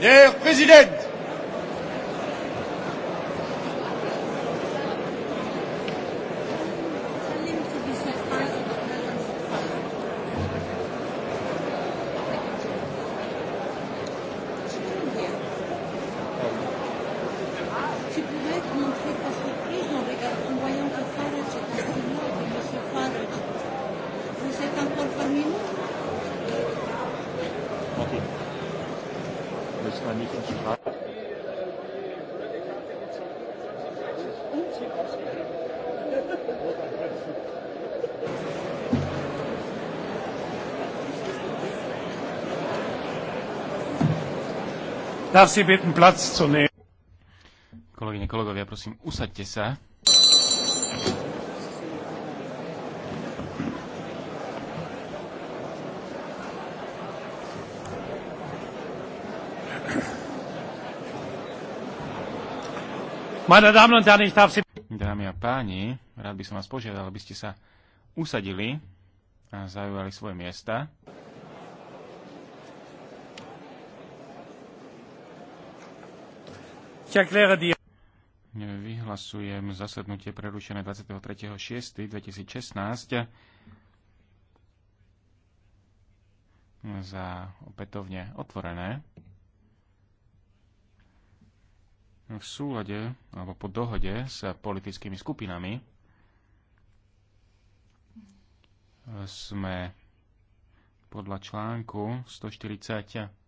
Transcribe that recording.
Herr Präsident! müssen wir nicht in Streit. Darf Sie bitten, Platz zu nehmen. Kolegyne, kolegovia, prosím, usaďte sa. Dámy a páni, rád by som vás požiadal, aby ste sa usadili a zaujali svoje miesta. Vyhlasujem zasadnutie prerušené 23.6.2016 za opätovne otvorené. v súlade alebo po dohode s politickými skupinami sme podľa článku 140